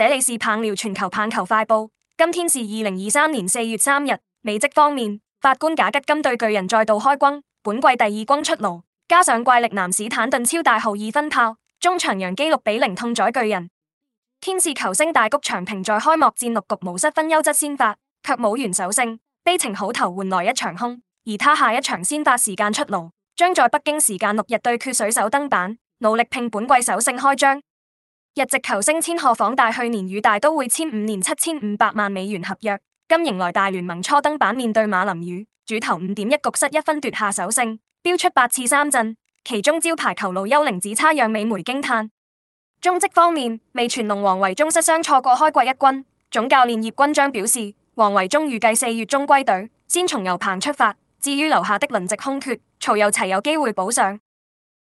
這裏是棒聊全球棒球快報，今天是二零二三年四月三日。美職方面，法官賈吉金對巨人再度開轟，本季第二轟出爐，加上怪力男史坦頓超大號二分炮，中場洋基六比零痛宰巨人。天使球星大谷翔平在開幕戰六局無失分優質先發，卻無緣首勝，悲情好投換來一場空。而他下一場先發時間出爐，將在北京時間六日對決水手登板，努力拼本季首勝開張。日籍球星千賀滉大去年與大都會簽五年七千五百萬美元合約，今迎來大聯盟初登板，面對馬林魚，主投五點一局失一分奪下首勝，飆出八次三振，其中招牌球路幽靈指叉讓美媒驚嘆。中職方面，味全龍王維中失傷錯過開季一軍，總教練葉君璋表示，王維中預計四月中歸隊，先從游棚出發，至於留下的輪值空缺，曹又齊有機會補上。